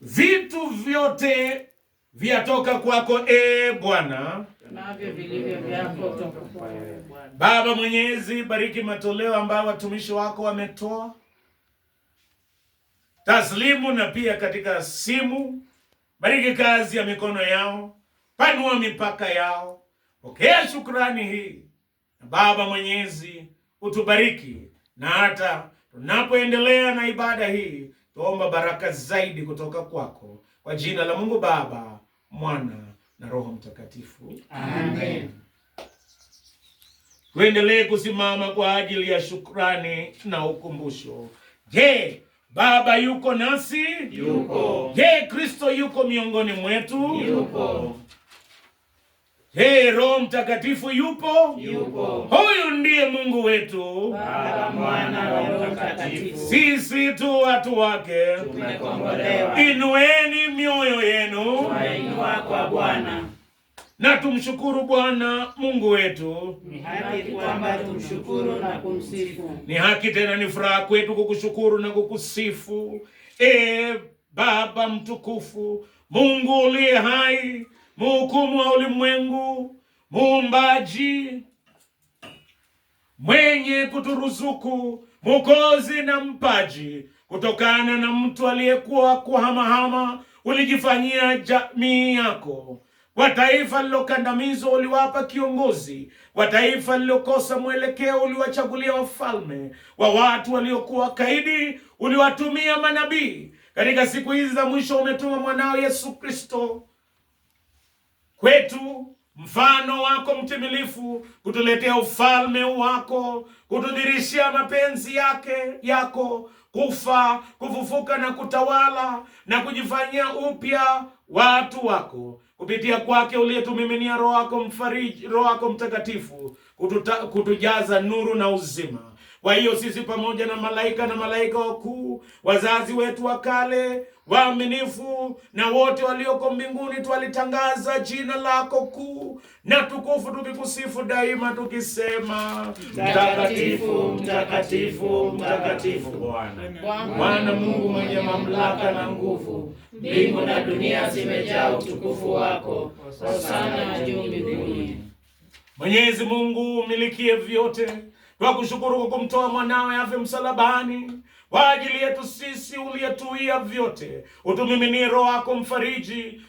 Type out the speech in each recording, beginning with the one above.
Vitu vyote vyatoka kwako e Bwana, e Bwana. Baba Mwenyezi, bariki matoleo ambayo watumishi wako wametoa taslimu na pia katika simu. Bariki kazi ya mikono yao, panua mipaka yao. Pokea shukrani hii, na Baba Mwenyezi utubariki na hata Tunapoendelea na ibada hii, tuomba baraka zaidi kutoka kwako, kwa jina la Mungu Baba, Mwana na Roho Mtakatifu, amen. Tuendelee kusimama kwa ajili ya shukrani na ukumbusho. Je, Baba yuko nasi? Yuko. Je, Kristo yuko miongoni mwetu? Yuko. Hey, Roho Mtakatifu yupo, yupo. Huyu ndiye Mungu wetu Baba, Mwana na Roho Mtakatifu. Sisi tu watu wake tumekombolewa. Inueni mioyo yenu tuinua kwa Bwana na tumshukuru Bwana Mungu wetu. Ni haki kwamba tumshukuru na kumsifu, ni haki tena ni furaha kwetu kukushukuru na kukusifu, e Baba mtukufu, Mungu uliye hai muhukumu wa ulimwengu, muumbaji, mwenye kuturuzuku, mukozi na mpaji. Kutokana na mtu aliyekuwa kuhamahama, ulijifanyia jamii yako. kwa taifa lilokandamizwa uliwapa kiongozi, kwa taifa lilokosa mwelekeo uliwachagulia wafalme, wa watu waliokuwa kaidi uliwatumia manabii. Katika siku hizi za mwisho umetuma mwanao Yesu Kristo kwetu mfano wako mtimilifu, kutuletea ufalme wako, kutudirishia mapenzi yake yako, kufa, kufufuka na kutawala na kujifanyia upya watu wako kupitia kwake uliyetumiminia roho wako mfariji, roho wako mtakatifu kututa, kutujaza nuru na uzima kwa hiyo sisi pamoja na malaika na malaika wakuu, wazazi wetu wa kale, waaminifu na wote walioko mbinguni, twalitangaza jina lako kuu na tukufu, tukikusifu daima tukisema, mtakatifu mtakatifu mtakatifu Bwana Bwana Mungu mwenye mamlaka na nguvu. Mbingu na dunia zimejaa utukufu wako. Hosana juu mbinguni. Mwenyezi Mungu umilikie vyote kwa kushukuru kwa kumtoa mwanawe afe msalabani kwa ajili yetu sisi uliyetuia vyote, utumiminie roho yako mfariji,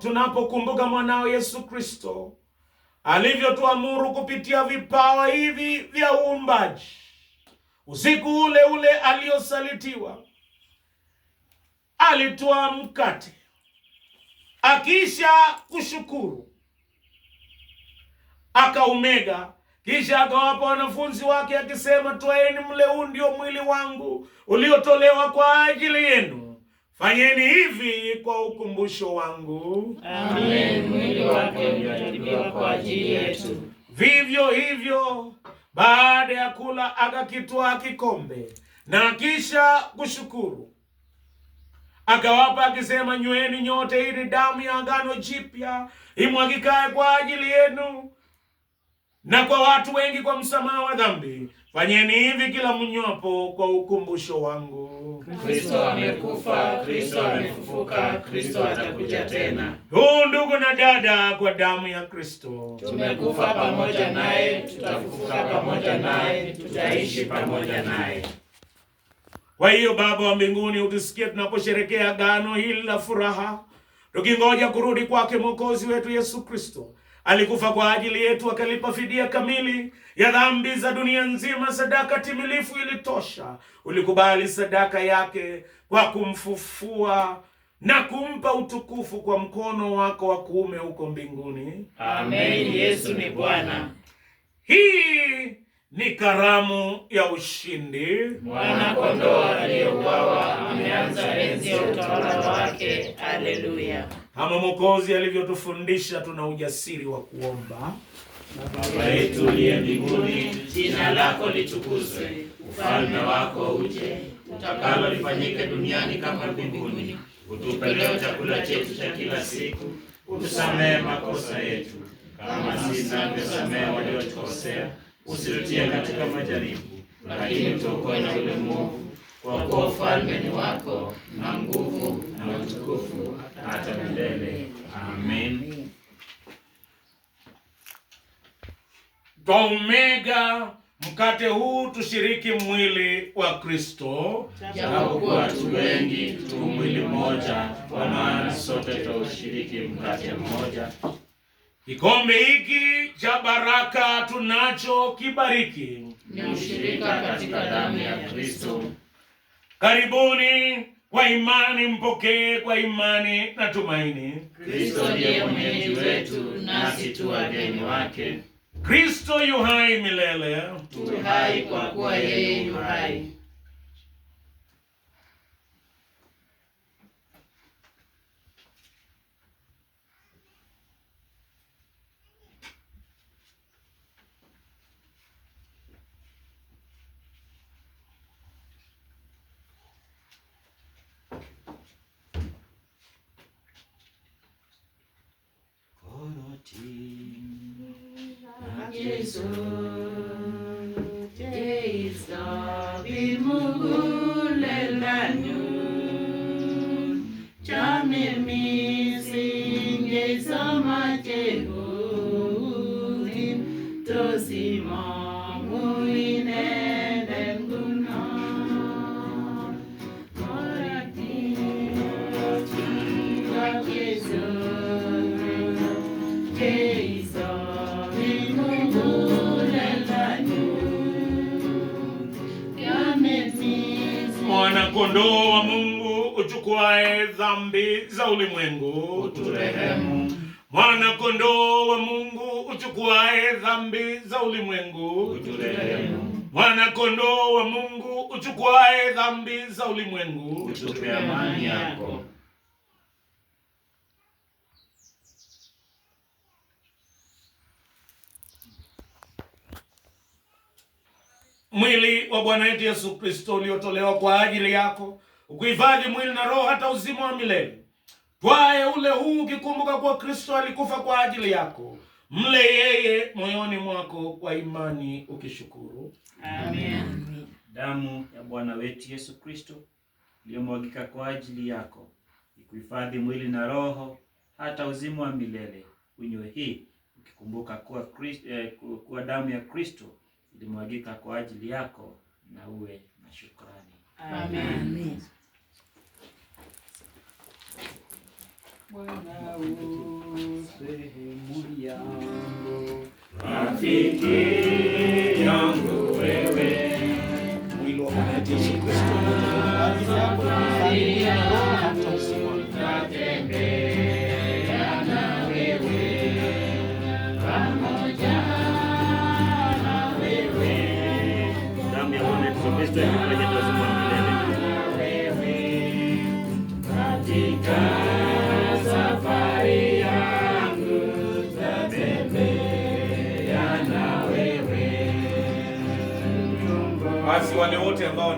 tunapokumbuka mwanao Yesu Kristo alivyotuamuru kupitia vipawa hivi vya uumbaji. Usiku ule ule aliosalitiwa, alitoa mkate, akisha kushukuru, akaumega kisha akawapa wanafunzi wake akisema, twaeni mle, huu ndio mwili wangu uliotolewa kwa ajili yenu, fanyeni hivi kwa ukumbusho wangu. Amen. Mwili wake uliotolewa kwa ajili yetu. Vivyo hivyo, baada ya kula akakitwaa kikombe na kisha kushukuru akawapa akisema, nyweni nyote, hii ni damu ya agano jipya imwagikaye kwa ajili yenu na kwa watu wengi kwa msamaha wa dhambi. Fanyeni hivi kila mnyopo kwa ukumbusho wangu. Kristo amekufa, Kristo amefufuka, Kristo atakuja tena. Huu ndugu na dada, kwa damu ya Kristo tumekufa pamoja naye, tutafufuka pamoja naye, tutaishi pamoja naye. Kwa hiyo Baba wa mbinguni, utusikie tunaposherekea gano hili la furaha, tukingoja kurudi kwake Mwokozi wetu Yesu Kristo Alikufa kwa ajili yetu, akalipa fidia kamili ya dhambi za dunia nzima. Sadaka timilifu ilitosha. Ulikubali sadaka yake kwa kumfufua na kumpa utukufu kwa mkono wako wa kuume huko mbinguni. Amen. Yesu ni Bwana. Hii ni karamu ya ushindi. Mwana kondoo aliyeuawa ameanza enzi ya utawala wake kama Mwokozi alivyotufundisha, tuna ujasiri wa kuomba: Baba yetu uliye mbinguni, jina lako litukuzwe, ufalme wako uje, utakalo lifanyike duniani kama mbinguni. Utupe leo chakula chetu cha kila siku, utusamehe makosa yetu kama sisi tunavyosamehe waliotukosea, usitutie katika majaribu, lakini utuokoe na yule mwovu, kwa kuwa ufalme ni wako na nguvu na utukufu hata milele. Amen. Kwa umega mkate huu tushiriki mwili wa Kristo, japokuwa watu wengi tu mwili mmoja, kwa maana sote twaushiriki mkate mmoja. Kikombe hiki cha baraka tunacho kibariki ni ushirika katika damu ya Kristo. Karibuni kwa imani mpokee kwa imani na tumaini. Kristo ndiye mwenyeji wetu, nasi tu wageni wake. Kristo yu hai milele, tu hai kwa kuwa yeye yu hai. Jesus za ulimwengu uturehemu. Mwana kondoo wa Mungu uchukuae dhambi za ulimwengu uturehemu. Mwana kondoo wa Mungu uchukuae dhambi za ulimwengu utupe amani yako. Mwili wa Bwana wetu Yesu Kristo uliotolewa kwa ajili yako ukuhifadhi mwili na roho hata uzima wa milele. Twae ule huu ukikumbuka kuwa Kristo alikufa kwa ajili yako, mle yeye moyoni mwako kwa imani ukishukuru. Amen. Damu ya Bwana wetu Yesu Kristo iliyomwagika kwa ajili yako ikuhifadhi mwili na roho hata uzima wa milele. Unywe hii ukikumbuka kuwa, eh, kuwa damu ya Kristo ilimwagika kwa ajili yako na uwe na shukrani. Amen. Amen. Bwana sehemu yangu, rafiki yangu wewe, mwili wa Kristo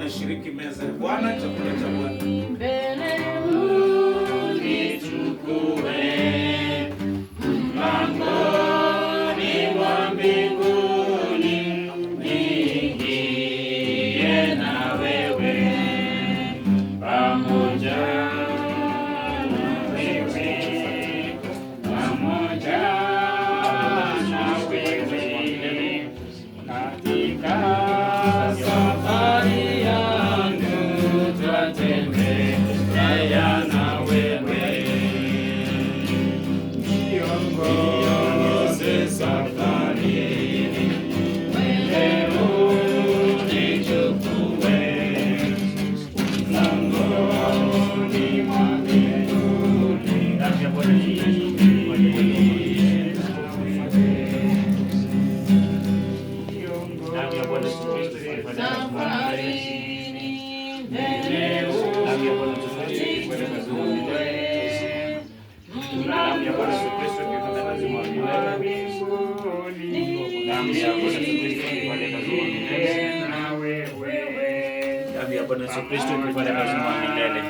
wanashiriki meza ya Bwana, chakula cha Bwana. Bwana Yesu Kristo kufanya uzima wa milele.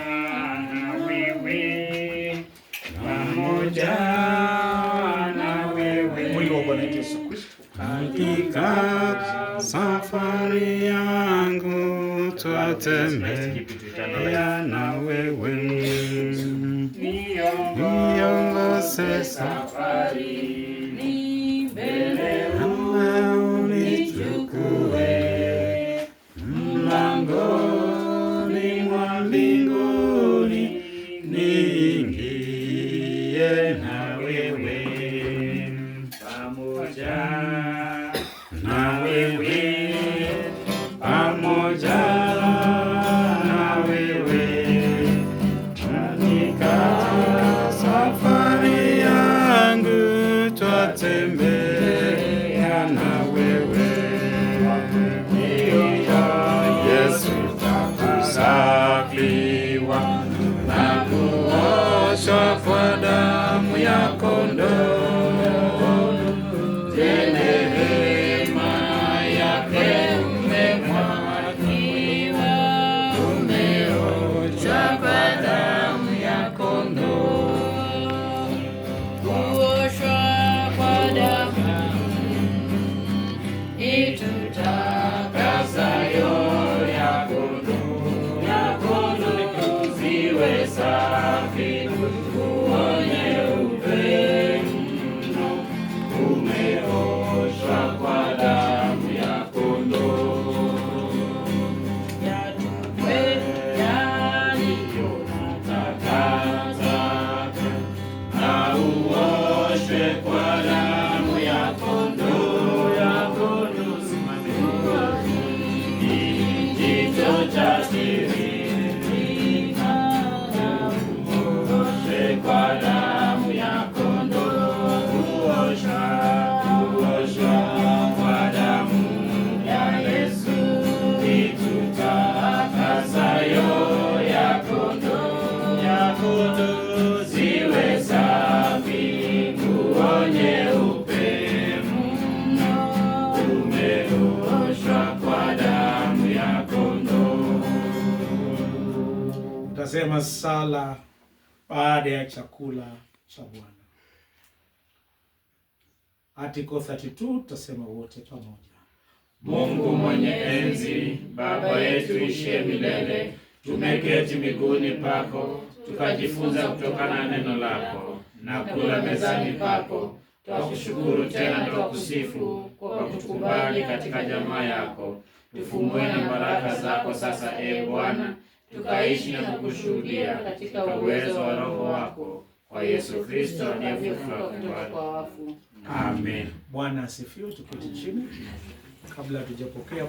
Hakika safari yangu twatembea na wewe, niongoze safari just believe. Tunasema sala baada ya chakula cha Bwana. Article 32 tutasema wote pamoja. Mungu mwenye enzi, Baba yetu ishiye milele, tumeketi miguuni pako tukajifunza kutokana na neno lako na kula mezani pako, twakushukuru tena twakusifu kwa kutukubali katika jamaa yako. Tufungue na baraka zako sasa, e Bwana tukaishi na kukushuhudia katika uwezo wa Roho wako kwa Yesu Kristo aliyefufuka kutoka kwa wafu. Amen. Bwana asifiwe. Tuketi chini kabla tujapokea